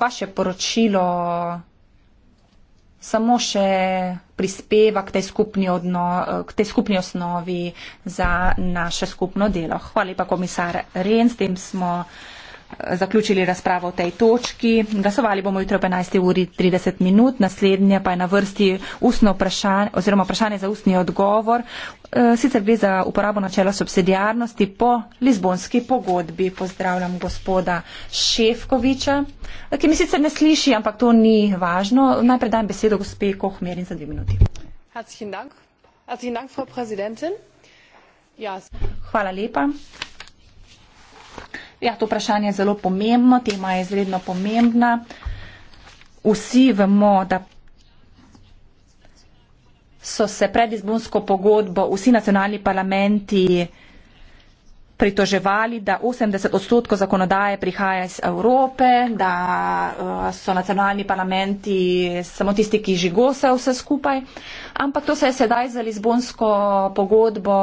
vaše poročilo samo še prispeva k tej, odno, k tej skupni osnovi za naše skupno delo. Hvala lepa, komisar Ren, s tem smo zaključili razpravo o tej točki. Glasovali bomo jutro ob 11. uri 30 minut, naslednje pa je na vrsti ustno vprašanje oziroma vprašanje za ustni odgovor. Eh, sicer gre za uporabo načela subsidijarnosti po Lizbonski pogodbi. Pozdravljam gospoda Šefkoviča, eh, ki mi sicer ne sliši, ampak to ni važno. Najprej dajem besedo gospe Kohmerin za dve minuti. Ja, Hvala lepa. Ja, to vprašanje je zelo pomembno, tema je izredno pomembna. Vsi vemo, da so se pred izbunsko pogodbo vsi nacionalni parlamenti pritoževali, da 80 odstotkov zakonodaje prihaja iz Evrope, da eh, so nacionalni parlamenti samo tisti, ki žigosajo vse skupaj. Ampak to se je sedaj za izbunsko pogodbo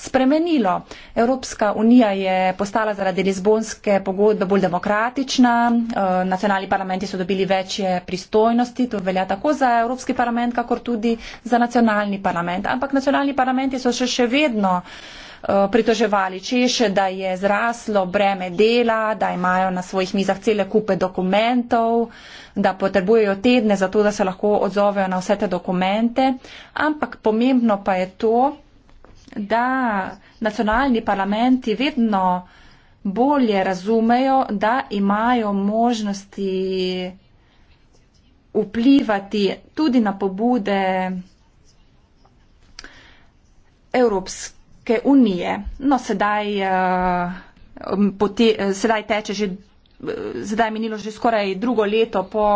spremenilo. Evropska unija je postala zaradi Lizbonske pogodbe bolj demokratična, eh, nacionalni parlamenti so dobili večje pristojnosti, to velja tako za Evropski parlament, kakor tudi za nacionalni parlament. Ampak nacionalni parlamenti so še, še vedno eh, pritoževali Češe, da je zraslo breme dela, da imajo na svojih mizah cele kupe dokumentov, da potrebujejo tedne za to, da se lahko odzovejo na vse te dokumente. Ampak pomembno pa je to, da nacionalni parlamenti vedno bolje razumejo, da imajo možnosti vplivati tudi na pobude Evropske unije. No, sedaj, eh, poti, eh, sedaj teče že, eh, sedaj je minilo že skoraj drugo leto po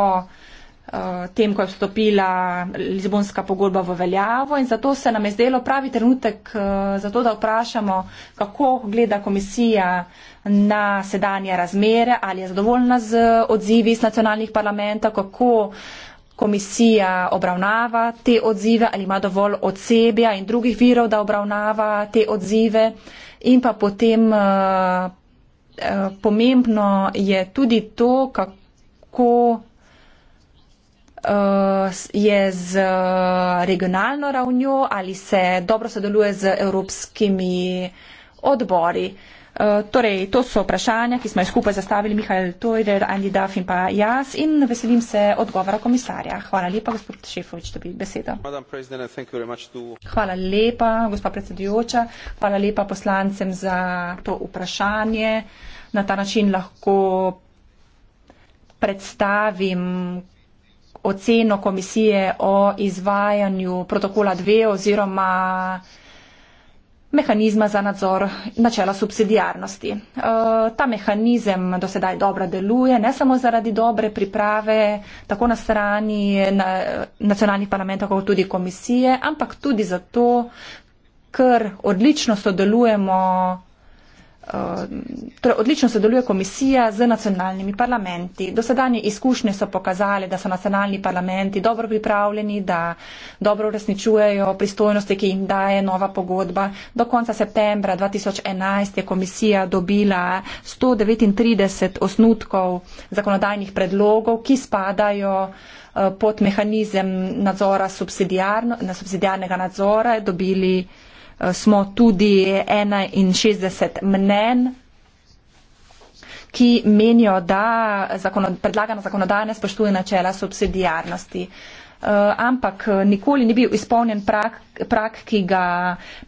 Eh, tem, ko je vstopila Lizbonska pogodba v veljavo in zato se nam je zdelo pravi trenutek eh, za to, da vprašamo, kako gleda komisija na sedanje razmere, ali je zadovoljna z odzivi iz nacionalnih parlamenta, kako komisija obravnava te odzive, ali ima dovolj odsebja in drugih virov, da obravnava te odzive in pa potem eh, pomembno je tudi to, kako Eh, je z regionalno ravnjo ali se dobro sodeluje z evropskimi odbori. Eh, torej, to so vprašanja, ki smo jih skupaj zastavili Mihajl Tojder, Andi Duff in pa jaz in veselim se odgovora komisarja. Hvala lepa, gospod Šefovič, da bi besedo. Hvala lepa, gospa predsedujoča, hvala lepa poslancem za to vprašanje. Na ta način lahko predstavim, oceno komisije o izvajanju protokola 2 oziroma mehanizma za nadzor načela subsidijarnosti. E, ta mehanizem do sedaj dobro deluje, ne samo zaradi dobre priprave tako na strani nacionalnih parlamentov, kot tudi komisije, ampak tudi zato, ker odlično sodelujemo Eh, torej, odlično sodeluje komisija z nacionalnimi parlamenti. Dosedanje izkušnje so pokazale, da so nacionalni parlamenti dobro pripravljeni, da dobro uresničujejo pristojnosti, ki jim daje nova pogodba. Do konca septembra 2011 je komisija dobila 139 osnutkov zakonodajnih predlogov, ki spadajo eh, pod mehanizem nadzora subsidijarnega nadzora. Dobili Eh, smo tudi 61 mnen ki menijo, da zakonod predlagana zakonodaja ne spoštuje načela subsidijarnosti. E, eh, ampak eh, nikoli ni bil izpolnjen prak, prak, ki ga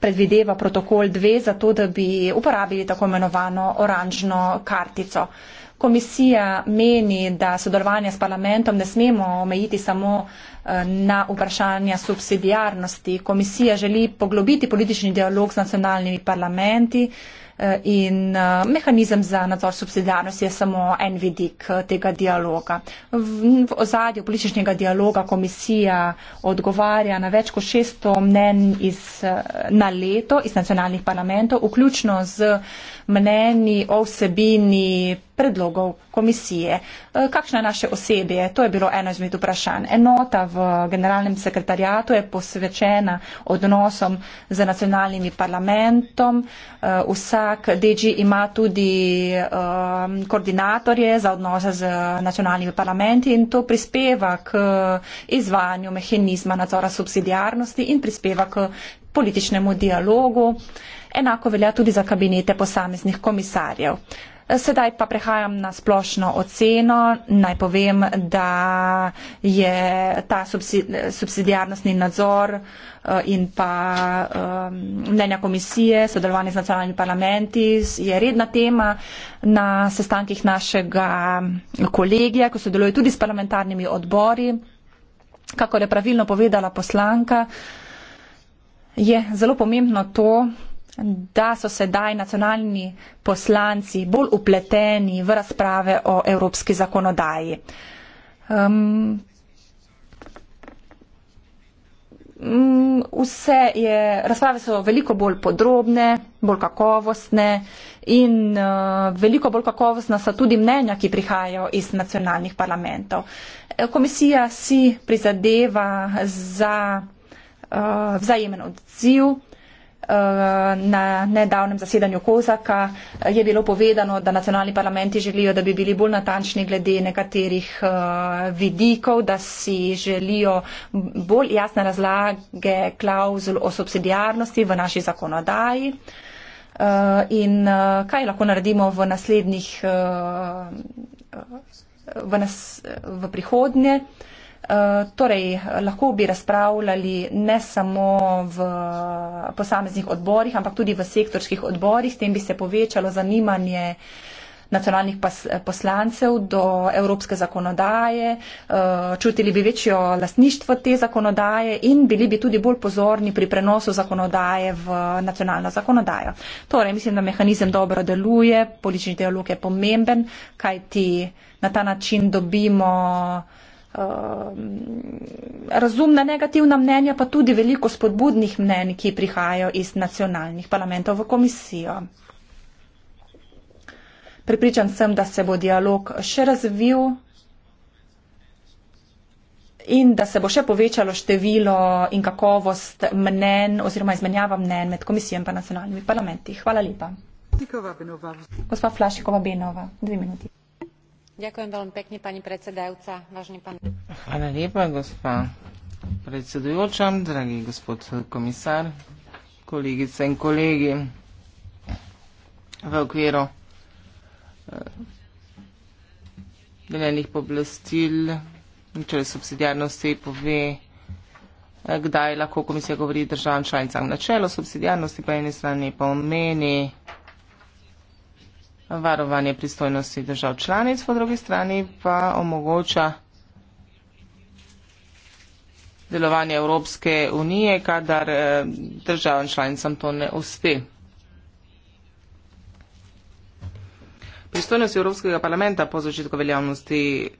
predvideva protokol 2, zato da bi uporabili tako imenovano oranžno kartico. E, Komisija meni, da sodelovanje s parlamentom ne smemo omejiti samo eh, na vprašanja subsidijarnosti. Komisija želi poglobiti politični dialog s nacionalnimi parlamenti eh, in eh, mehanizem za nadzor subsidijarnosti je samo en vidik tega dialoga. V ozadju političnega dialoga komisija odgovarja na več kot 600 mnen iz, na leto iz nacionalnih parlamentov, vključno z mneni o vsebini predlogov komisije. E, kakšno je naše osebje? To je bilo eno izmed vprašanj. Enota v generalnem sekretarjatu je posvečena odnosom z nacionalnimi parlamentom. E, vsak DG ima tudi e, koordinatorje za odnose z nacionalnimi parlamenti in to prispeva k izvanju mehanizma nadzora subsidijarnosti in prispeva k političnemu dialogu. Enako velja tudi za kabinete posameznih komisarjev. Sedaj pa prehajam na splošno oceno. Naj povem, da je ta subsidijarnostni nadzor eh, in pa ehm, mnenja komisije, sodelovanje z nacionalnimi parlamenti je redna tema na sestankih našega kolegija, ko sodeluje tudi s parlamentarnimi odbori. Kako je pravilno povedala poslanka, je zelo pomembno to, da so sedaj nacionalni poslanci bolj upleteni v razprave o evropski zakonodaji. Um, um, Vse je, razprave so veliko bolj podrobne, bolj kakovostne in uh, veliko bolj kakovostna so tudi mnenja, ki prihajajo iz nacionalnih parlamentov. Komisija si prizadeva za uh, vzajemen odziv, uh, Eh, na nedavnem zasedanju Kozaka je bilo povedano, da nacionalni parlamenti želijo, da bi bili bolj natančni glede nekaterih eh, vidikov, da si želijo bolj jasne razlage klauzul o subsidijarnosti v naši zakonodaji. Eh, in kaj lahko naredimo v naslednjih, v, nas, v prihodnje? Eh, torej, lahko bi razpravljali ne samo v posameznih odborih, ampak tudi v sektorskih odborih. S tem bi se povečalo zanimanje nacionalnih poslancev do evropske zakonodaje, eh, čutili bi večjo lastništvo te zakonodaje in bili bi tudi bolj pozorni pri prenosu zakonodaje v nacionalno zakonodajo. Torej, mislim, da mehanizem dobro deluje, politični dialog je pomemben, kajti na ta način dobimo Um, razumna negativna mnenja, pa tudi veliko spodbudnih mnenj, ki prihajajo iz nacionalnih parlamentov v komisijo. Pripričan sem, da se bo dialog še razvil in da se bo še povečalo število in kakovost mnen oziroma izmenjava mnen med komisijo in pa nacionalnimi parlamenti. Hvala lepa. Gospa Flašikova Benova, dve minuti. Ďakujem veľmi pekne, pani predsedajúca. Vážený pán... Hvala lepa, gospa predsedujúča, dragi gospod komisár, kolegice in kolegi. V okviru eh, delenih poblastil načele torej subsidiarnosti pove, eh, kdaj lahko komisija govori državam članicam načelo subsidiarnosti, pa eni strani pomeni, varovanje pristojnosti držav članic, po drugi strani pa omogoča delovanje Evropske unije, kadar eh, državam članicam to ne uspe. Pristojnosti Evropskega parlamenta po začetku veljavnosti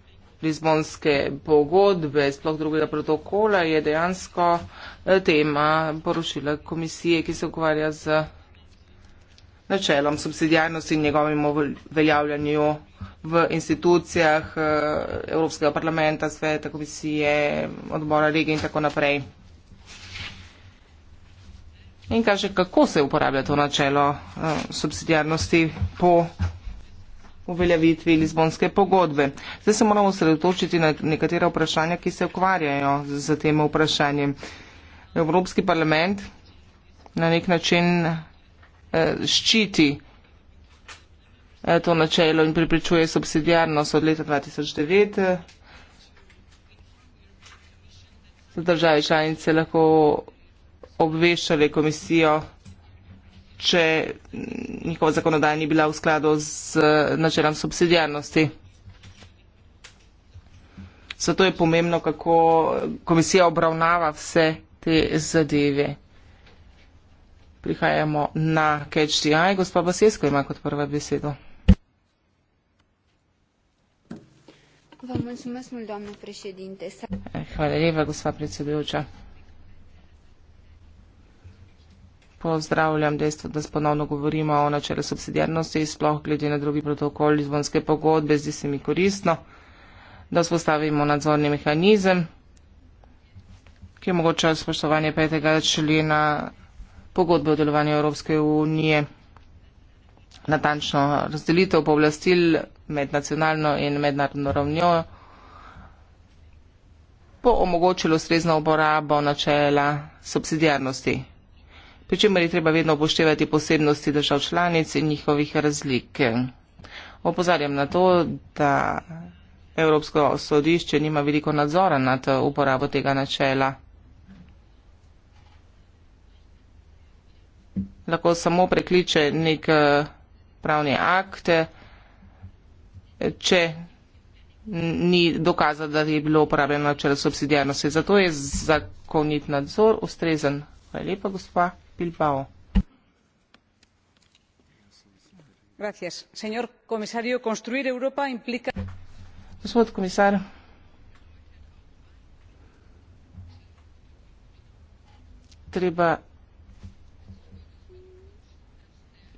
Lizbonske pogodbe, sploh drugega protokola, je dejansko eh, tema poročila komisije, ki se ukvarja z načelom subsidijarnosti in njegovim uveljavljanju v institucijah eh, Evropskega parlamenta, sveta, komisije, odbora regije in tako naprej. In kaže, kako se uporablja to načelo uh, subsidijarnosti po uveljavitvi Lizbonske pogodbe. Zdaj se moramo sredotočiti na nekatera vprašanja, ki se ukvarjajo z, z tem vprašanjem. Evropski parlament na nek način Eh, ščiti eh, to načelo in pripričuje subsidijarnost od leta 2009. Eh, države članice lahko obveščale komisijo, če njihova zakonodaj ni bila v skladu z načelom subsidijarnosti. Zato je pomembno, kako komisija obravnava vse te zadeve prihajamo na KHDI. Gospa Basesko ima kot prva besedo. Eh, hvala lepa, gospa predsedujoča. Pozdravljam dejstvo, da sponovno govorimo o načelu subsidijarnosti, sploh glede na drugi protokol Lizbonske pogodbe, zdi se mi koristno, da spostavimo nadzorni mehanizem, ki omogoča spoštovanje petega člena pogodbe o delovanju Evropske unije. Natančno razdelitev povlastil med nacionalno in mednarodno ravnjo bo omogočilo srezno uporabo načela subsidijarnosti, pri čemer je treba vedno upoštevati posebnosti držav članic in njihovih razlik. Opozarjam na to, da Evropsko sodišče nima veliko nadzora nad uporabo tega načela. lahko samo prekliče nek eh, pravni akt, če ni dokaza, da je bilo uporabljeno načelo subsidijarnosti. Zato je zakonit nadzor ustrezen. Hvala lepa, gospa Bilbao. Gracias. Señor comisario, construir Europa implica. Gospod komisar. Treba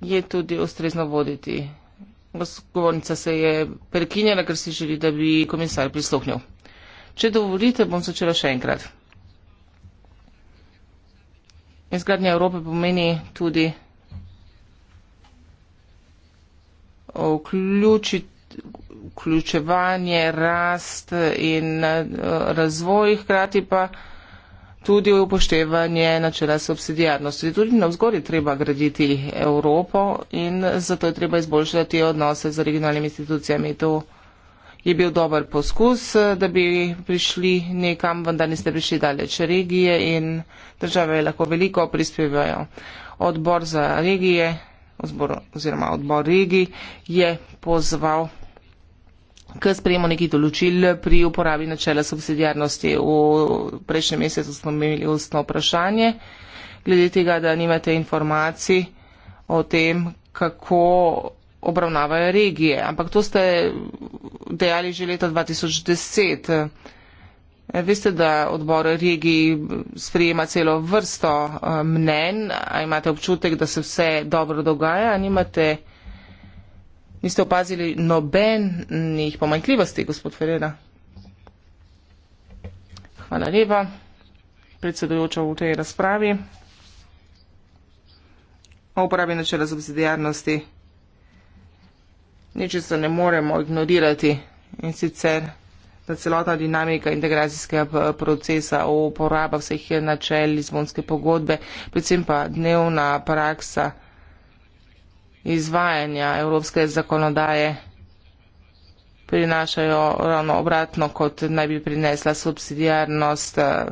je tudi ustrezno voditi. Govornica se je prekinjala, ker si želi, da bi komisar prisluhnil. Če dovolite, bom začela še enkrat. Izgradnja Evrope pomeni tudi vključevanje, rast in eh, razvoj, hkrati pa tudi upoštevanje načela subsidijarnosti. Tudi na vzgori treba graditi Evropo in zato je treba izboljšati odnose z regionalnimi institucijami. To je bil dober poskus, da bi prišli nekam, vendar niste prišli daleč. Regije in države lahko veliko prispevajo. Odbor za regije. Odbor, oziroma odbor regij je pozval k sprejemu nekih določil pri uporabi načela subsidijarnosti. V prejšnjem mesecu smo imeli ustno vprašanje glede tega, da nimate informacij o tem, kako obravnavajo regije. Ampak to ste dejali že leta 2010. Eh, veste, da odbor regij sprejema celo vrsto eh, mnen, a imate občutek, da se vse dobro dogaja, a nimate informacij. Niste opazili nobenih pomanjkljivosti, gospod Ferreira? Hvala lepa, predsedujoča v tej razpravi. O uporabi načela subsidijarnosti niče se ne moremo ignorirati in sicer, da celotna dinamika integracijskega procesa o uporaba vseh načel izbonske pogodbe, predvsem pa dnevna praksa, izvajanja evropske zakonodaje prinašajo ravno obratno, kot naj bi prinesla subsidijarnost. Eh,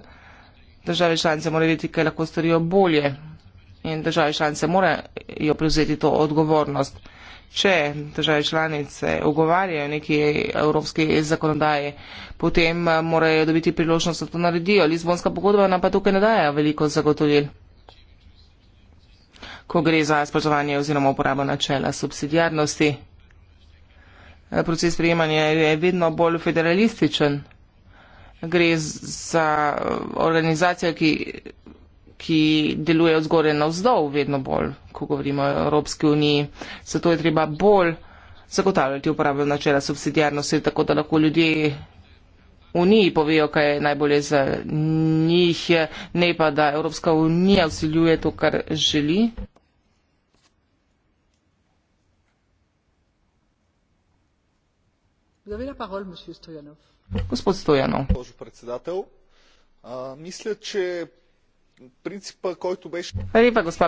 države članice morajo vedeti, kaj lahko storijo bolje in države članice morajo prevzeti to odgovornost. Če države članice ugovarjajo neki evropski zakonodaji, potem eh, morajo dobiti priložnost, da to naredijo. Lizbonska pogodba nam pa tukaj ne daje veliko zagotovil ko gre za spoštovanje oziroma uporabo načela subsidijarnosti. Proces sprejemanja je vedno bolj federalističen. Gre za organizacijo, ki, ki deluje od zgore na vzdol, vedno bolj, ko govorimo o Evropski uniji. Zato je treba bolj zagotavljati uporabo načela subsidijarnosti, tako da lahko ljudje v uniji povejo, kaj je najbolje za njih, ne pa da Evropska unija vsiljuje to, kar želi. gospod stoyanov gospa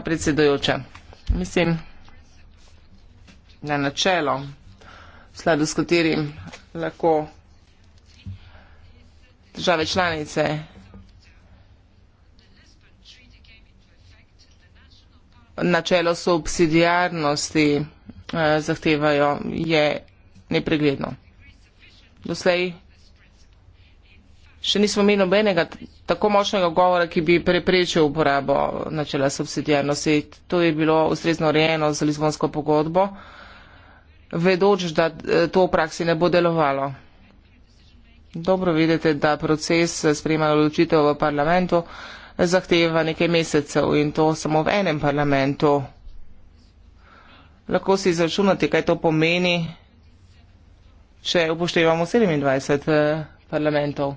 predsedujoča mislim da načelo v skladu s katerim lahko države članice načelo subsidiarnosti zahtevajo je nepregledno doslej še nismo imeli nobenega tako močnega govora, ki bi preprečil uporabo načela subsidijarnosti. To je bilo ustrezno urejeno z Lizbonsko pogodbo, vedoč, da eh, to v praksi ne bo delovalo. Dobro vidite, da proces sprejemanja odločitev v parlamentu zahteva nekaj mesecev in to samo v enem parlamentu. Lahko si izračunate, kaj to pomeni če upoštevamo 27 eh, parlamentov.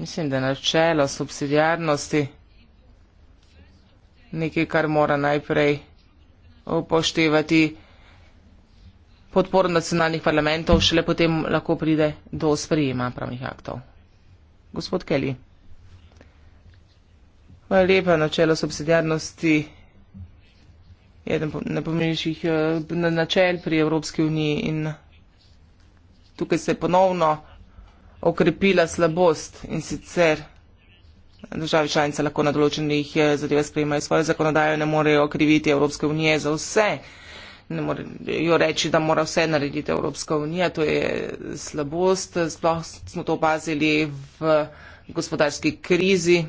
Mislim, da načelo subsidijarnosti nekaj, kar mora najprej upoštevati podporo nacionalnih parlamentov, šele potem lahko pride do sprejema pravnih aktov. Gospod Kelly. Hvala lepa, načelo subsidijarnosti eden najpomembnejših eh, načel pri Evropski uniji in tukaj se je ponovno okrepila slabost in sicer države članice lahko na določenih eh, zadeve sprejemajo svojo zakonodajo, ne morejo kriviti Evropske unije za vse, ne morejo reči, da mora vse narediti Evropska unija, to je slabost, sploh smo to opazili v gospodarski krizi,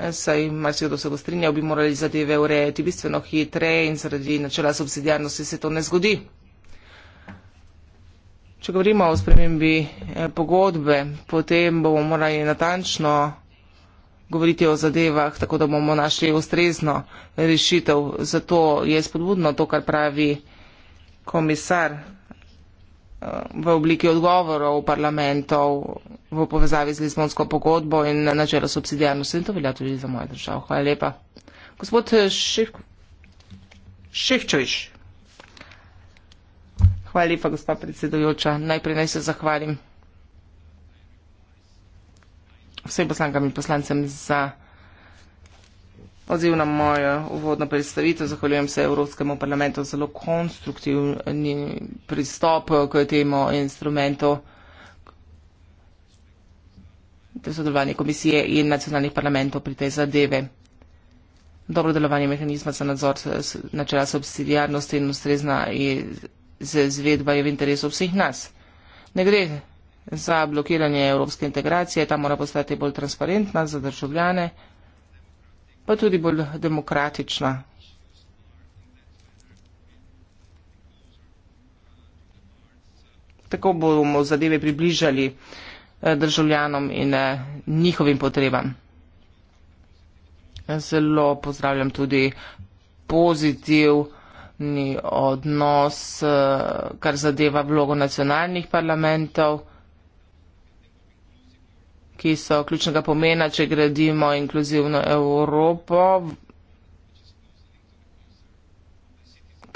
Eh, saj marsikdo se bo strinjal, bi morali zadeve urejati bistveno hitreje in zaradi načela subsidijarnosti se to ne zgodi. Če govorimo o spremembi eh, pogodbe, potem bomo morali natančno govoriti o zadevah, tako da bomo našli ustrezno rešitev. Zato je spodbudno to, kar pravi komisar v obliki odgovorov parlamentov v povezavi z Lizbonsko pogodbo in načelo subsidijarnosti. In to velja tudi za mojo državo. Hvala lepa. Gospod Šehčoviš. Hvala lepa, gospa predsedujoča. Najprej naj se zahvalim vsem poslankam in poslancem za odziv na mojo uvodno predstavitev. Zahvaljujem se Evropskemu parlamentu za zelo konstruktivni pristop k temu instrumentu. Te sodelovanje komisije in nacionalnih parlamentov pri tej zadeve. Dobro delovanje mehanizma za nadzor načela subsidijarnosti in ustrezna izvedba je v interesu vseh nas. Ne gre za blokiranje evropske integracije, ta mora postati bolj transparentna za državljane pa tudi bolj demokratična. Tako bomo zadeve približali eh, državljanom in eh, njihovim potrebam. Zelo pozdravljam tudi pozitivni odnos, eh, kar zadeva vlogo nacionalnih parlamentov ki so ključnega pomena, če gradimo inkluzivno Evropo,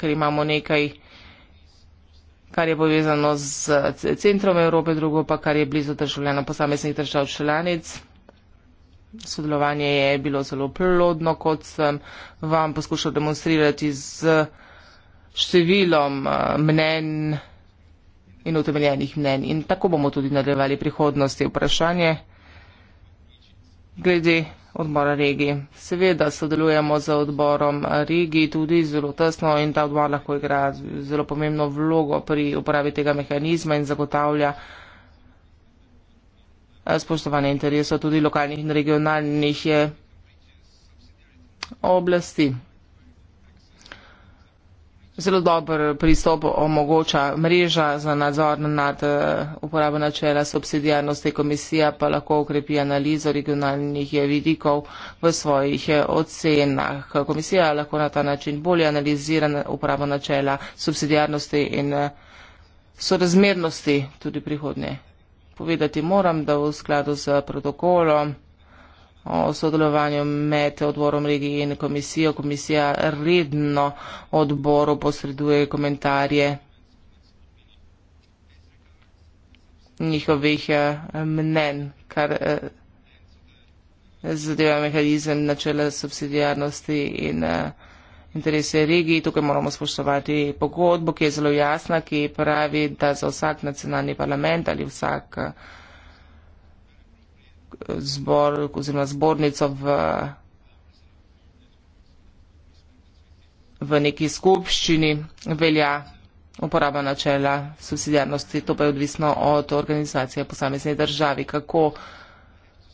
ker imamo nekaj kar je povezano z centrom Evrope, drugo pa kar je blizu državljana posameznih držav članic. Sodelovanje je bilo zelo prilodno, kot sem vam poskušal demonstrirati z številom eh, mnen in utemeljenih mnenj. In tako bomo tudi nadaljevali prihodnosti vprašanje glede odbora regij. Seveda sodelujemo z odborom regij tudi zelo tesno in ta odbor lahko igra zelo pomembno vlogo pri uporabi tega mehanizma in zagotavlja eh, spoštovanje interesov tudi lokalnih in regionalnih eh, oblasti. Zelo dober pristop omogoča mreža za nadzor nad eh, uporabo načela subsidijarnosti. Komisija pa lahko ukrepi analizo regionalnih vidikov v svojih eh, ocenah. Komisija lahko na ta način bolje analizira uporabo načela subsidijarnosti in eh, sorazmernosti tudi prihodnje. Povedati moram, da v skladu z protokolom o sodelovanju med odborom regije in komisijo. Komisija redno odboru posreduje komentarje njihovih eh, mnen, kar eh, zadeva mehanizem načela subsidijarnosti in eh, interese regiji. Tukaj moramo spoštovati pogodbo, ki je zelo jasna, ki pravi, da za vsak nacionalni parlament ali vsak zbor oziroma zbornico v, v neki skupščini velja uporaba načela subsidijarnosti, to pa je odvisno od organizacije posamezne državi. Kako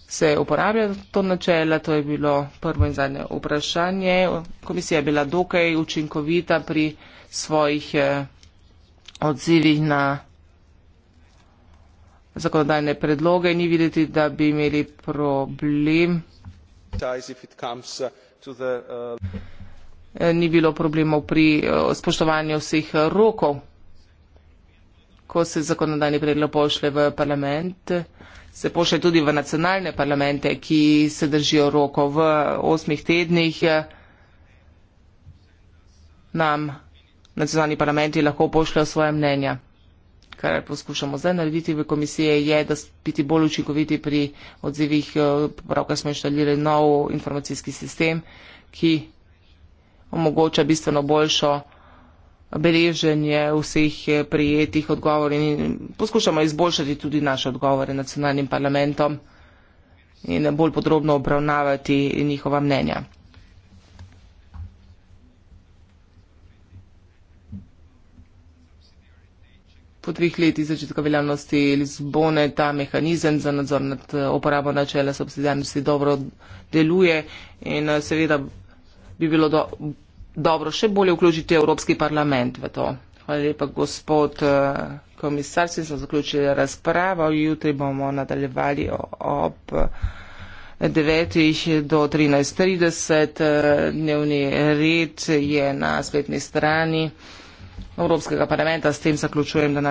se uporablja to načelo, to je bilo prvo in zadnje vprašanje. Komisija je bila dokaj učinkovita pri svojih eh, odzivih na zakonodajne predloge. Ni videti, da bi imeli problem. Eh, ni bilo problemov pri eh, spoštovanju vseh rokov. Ko se zakonodajni predlog pošle v parlament, se pošle tudi v nacionalne parlamente, ki se držijo roko v osmih tednih. Eh, nam nacionalni parlamenti lahko pošljajo svoje mnenja kar poskušamo zdaj narediti v komisiji, je, da biti bolj učinkoviti pri odzivih, eh, pravkar smo inštalirali nov informacijski sistem, ki omogoča bistveno boljšo beleženje vseh eh, prijetih odgovor in poskušamo izboljšati tudi naše odgovore nacionalnim parlamentom in bolj podrobno obravnavati njihova mnenja. po dveh letih začetka veljavnosti Lizbone ta mehanizem za nadzor nad eh, uporabo načela subsidijarnosti dobro deluje in eh, seveda bi bilo do, dobro še bolje vključiti Evropski parlament v to. Hvala lepa, gospod eh, komisar, sem se zaključila razpravo. Jutri bomo nadaljevali ob 9. do 13.30. Dnevni red je na spletni strani Evropskega parlamenta. S tem zaključujem današnji.